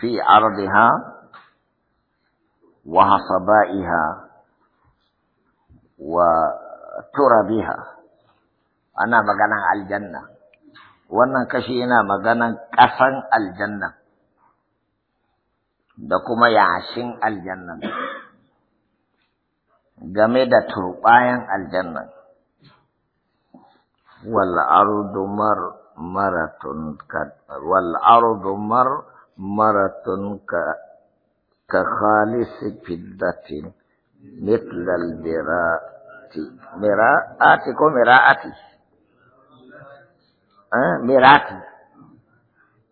في عرضها وحصبائها وترابها أنا مغانا الجنة وانا كشينا مغانا قصن الجنة دكما يعشين الجنة جميدة da الجنة والأرض مر مرة والأرض مر مرة كخالص فدة مثل المراءة مراءة كو مراءة أه؟ مراءة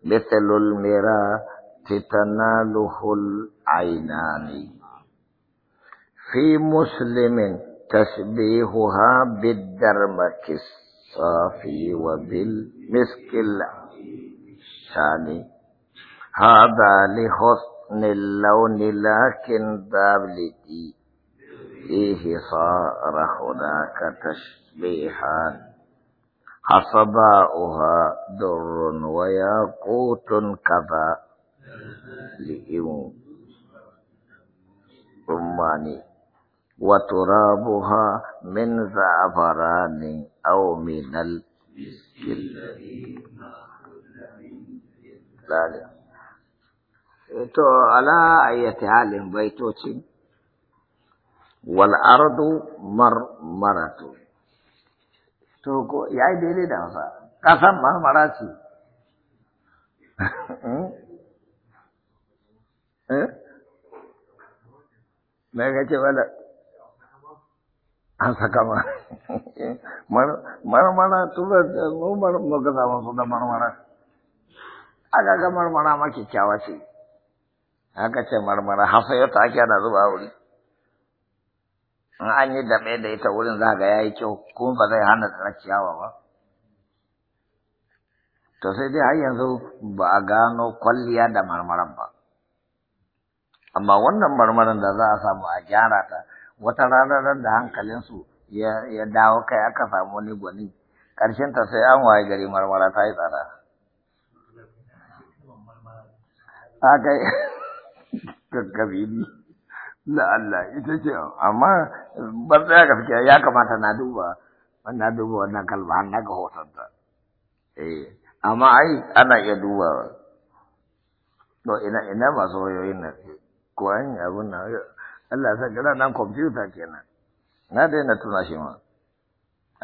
مثل المراء تتناله العينان في مسلم تشبيهها بالدرمك الصافي وبالمسك الشاني هذا لحسن اللون لكن دابلتي فيه صار هناك تشبيهان حصباؤها در وياقوت كذا لئم رماني وترابها من زعفران أو من المسك الذي لا to ala ayyati halin baitoci wal ardu marmaratu to ko yayi daidai da fa kasan marmara ce eh me ce wala an saka ma marmara tura mu mar mu ga samu da marmara aga ga marmara ma kikkiawa ce aka ce marmara hausa yau ta ake ana zuba wuri in an yi daɓe da ita wurin za ga ya yi kyau kuma ba zai hana tsara ciyawa ba to sai dai har yanzu ba a gano kwalliya da marmaran ba amma wannan marmaran da za a samu a gyara ta wata ranar da hankalinsu ya dawo kai aka samu wani gwani ta sai an waye gari marmara ta yi tsada. ne la Allah ita ce amma ban tsaya gaskiya ya kamata na duba na duba wannan kalma har na ga hotonta eh amma ai ana iya duba. to ina ina masu wayoyin nan ko an yi na nan Allah sa gara nan kwamfuta kenan na daina tuna shi ma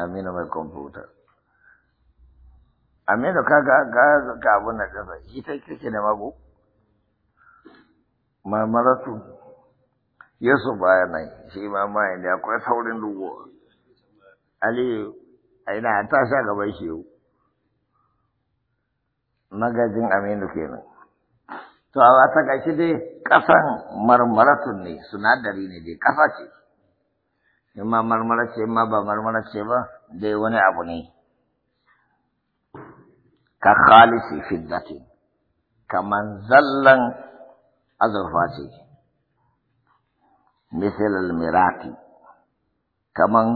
Aminu mai kwamfuta Aminu ka ga ka abun nan kasa ita kake da magu marmaratu Yesu baya nan shi ma ne akwai saurin dugo aliyu a ina ta sha gaban shi yau magajin aminu kenan to a wata gashi dai kasan marmaratun ne sunadari ne dai ƙasa ce in ma marmara ce ma ba marmara ce ba dai wani abu ne ka khalisi fiddatin kaman zallan azurfa ce misalal mirati kaman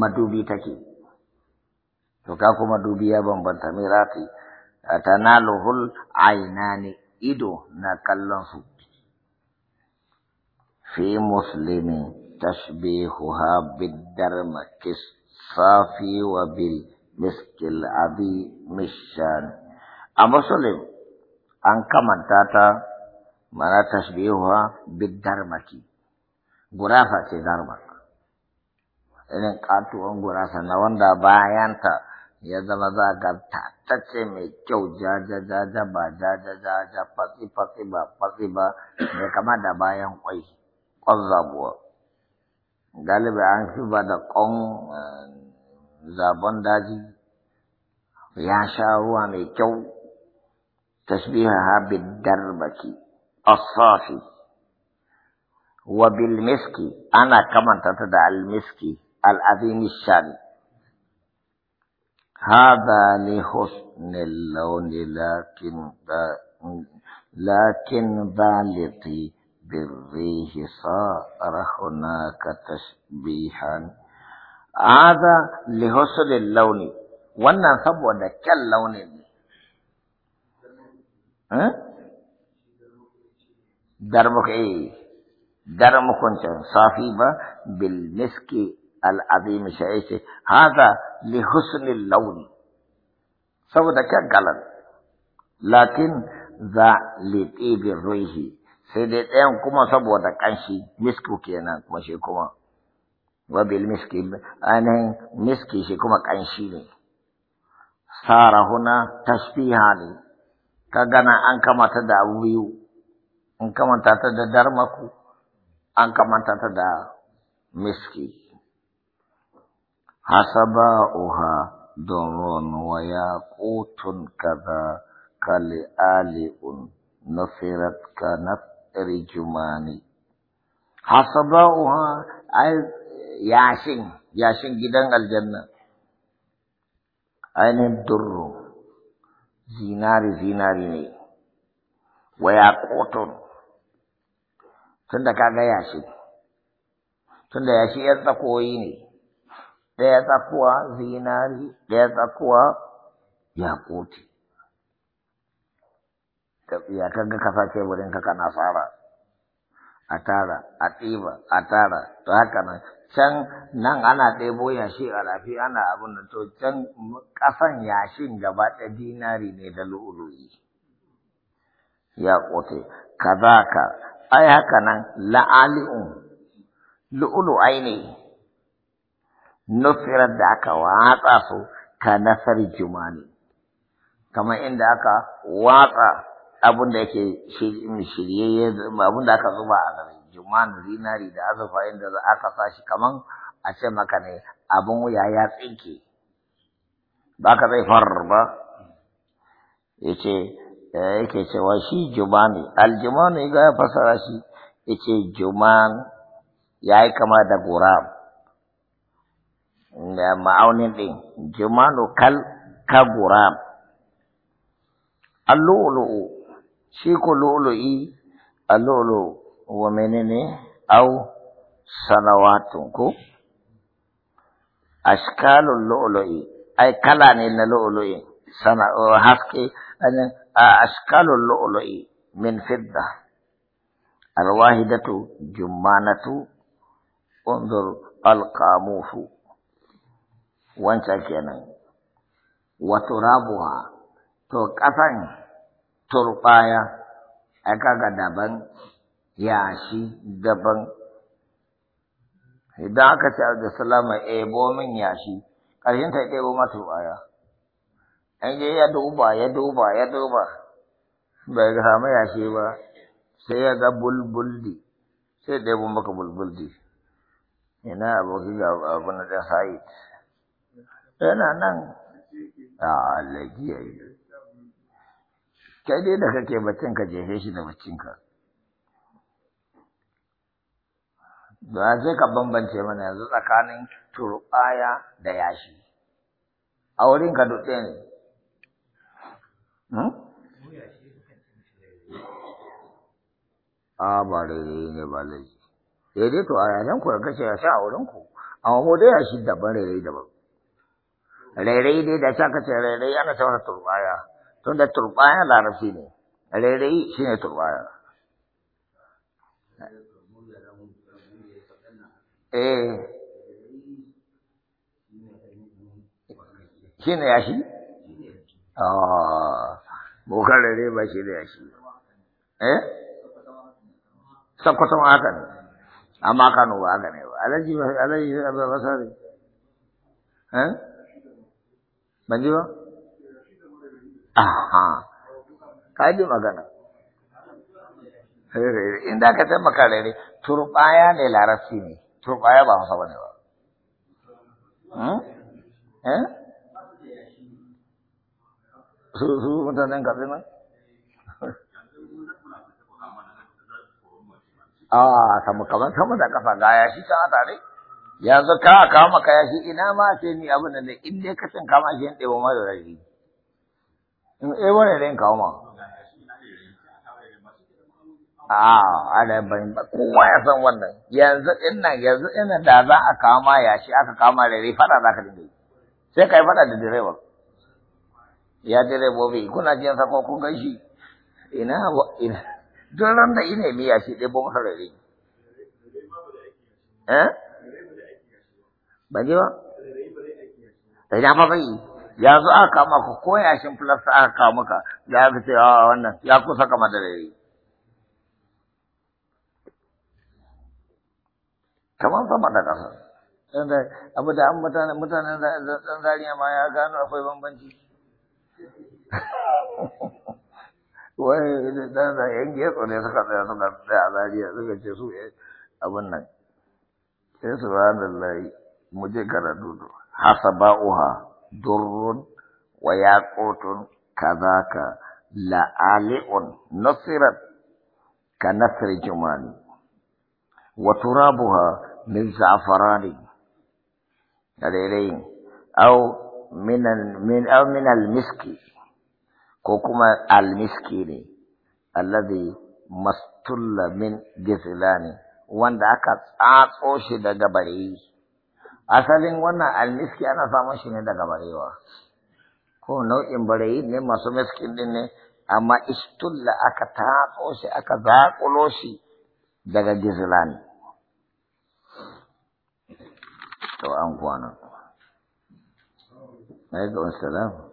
madubi take to ka kuma dubi ya bambanta mirati ina ainani ido na kallon su fi muslimi tashbihuha bidarmakis safi wa bil miskil abi mishan a musulun an kamanta ta mana tashbihuha bidarmaki gurafa ce darmak irin katuwan gurasa na wanda bayanta ya zama za ga tatacce mai kyau jajajaja ba jajajaja fatsi fatsi ba fatsi ba da kama da bayan kwai kwan zabuwa galibi an fi ba da kwan eh, zabon daji ya sha ruwa mai kyau tashbiha ha bidarbaki الصافي وبالمسك أنا كما تتدعى المسك العظيم الشان هذا لحسن اللون لكن لكن بالطي بالريح صار هناك تشبيها هذا لحسن اللون وانا سبوة كاللون ها درمك ايه درمك انت صافي بالمسك العظيم شعيش هذا لحسن اللون سودك قلن لكن ذا لطيب الريح سيدت ان كما سبوتا كانشي مسكو كينا كما شي كما وبالمسك انا مسكي شي كما كانشي صار هنا تشبيهاني كغنا انكما تدعو in manta ta da darmaku an manta ta da miski hasaba uha don waya kutun kaza kali aliun nufirat kanat rijumani hasaba uha ai yashin yashin gidan aljanna ainihin durro zinari zinari ne waya kotun. tunda ka ga yashi tunda yashi yan tsakoyi ne ɗaya tsakuwa zinari ɗaya tsakuwa yakuti ya kanga ka sace wurin ka kana fara a tara a tsiba a tara to haka nan can nan ana ɗebo yashi a rafi ana abin da to can ƙasan yashin gaba ɗaya dinari ne da lu'ulu'i ya kote kaza ka ai haka nan la'ali'un lu'ulu'ai ne nufirar da aka watsa su ka nasar jumani kamar inda aka watsa abin da yake shiryayye abin da aka zuba a garin jumani zinari da azurfa inda aka sa shi kamar a ce maka ne abin wuya ya tsinke baka zai farar ba ya Eh, yake cewa shi juma ne aljumanu iga ya fasara shi yace juman ya yi kama da gurab da ma'aunin ɗin jumanu kal ka gurab allulu'u shi ko lu'lu'i allulu'u wa menene au sanawatun ko ashkalul lu'lu'i ai kala ne na lu'lu'i sana eh, haske أشكال اللؤلؤ min فضة alwahidatu جمانة انظر القاموس wancan kenan wa turabuha to ƙasan turɓaya a kaga daban yashi daban idan aka ce da salama ebo min yashi ƙarshen ta ɗebo ma turɓaya an ya duba ya duba ya duba bai ga samu yashe ba sai ya ga bulbuldi sai ɗaya bin maka bulbuldi ina abokin abu na ɗan sa'id yana nan a alajiya kai dai da kake baccin ka jefe shi da baccin ka da sai ka bambance mana yanzu tsakanin turɓaya da yashi a wurin ka dutse ne a ah, ba daidai ne ba laifi daidai eh, to a yayan ku da kashe ya sha a wurin ku amma ko dai ya shi daban rairai daban rairai dai da ka ce rairai ana ta wata turbaya tun da turbaya larabci ne rairai shi ne turbaya eh shi ne ya shi? Ah. bokar rare ba shi da yashi eh sakkwaton haka ne amma kano ba haka ne ba alaji ba alaji ba ba sare eh ban ji ba aha ka ji magana eh, in da ka taimaka rere turbaya ne larabci ne turbaya ba hausa ba ne ba hmm? eh su su mutanen katsina a samu ah, kaman sama da kafa ga ya shi ta tare yanzu ka kama kaya si ina ma ni abin da in dai ka kama shi in ɗebo ma da rashi ni ɗebo ne dai kawo ma banyak. Ah, Kuma ban ya san wannan yanzu ina yanzu ina da za a kama yashi aka kama rere ada za ka kaya pada sai ka yi da direban ya direbobi kuna jin sa ko kun gashi ina ina don ran da ina miya shi dai bon harare eh ba ji ba sai da ba ya zo aka kama ku ko yashin filasta aka kama Ya da ce a ah, wannan ya kusa kama da rere kamar sama da ƙasa abu da an da zariya ma ya gano akwai bambanci wai da da yan getso ne suka tsaya suka tsaya a zariya suka ce su eh, abin nan sai su da lai mu je karatu to hasaba'uha durrun wa yaqutun kazaka la'ali'un nasirat ka nasri jumani wa turabuha min za'farani da daidai au min al-miski ko kuma al ne alladhi mastulla min gizlani wanda aka tsatso shi daga bareyi asalin wannan almiski ana samun shi ne daga barewa ko nau'in bareyi ne masu miskin din ne amma istulla aka tatso shi aka zaƙulo shi daga gizlani to an kwana عليكم السلام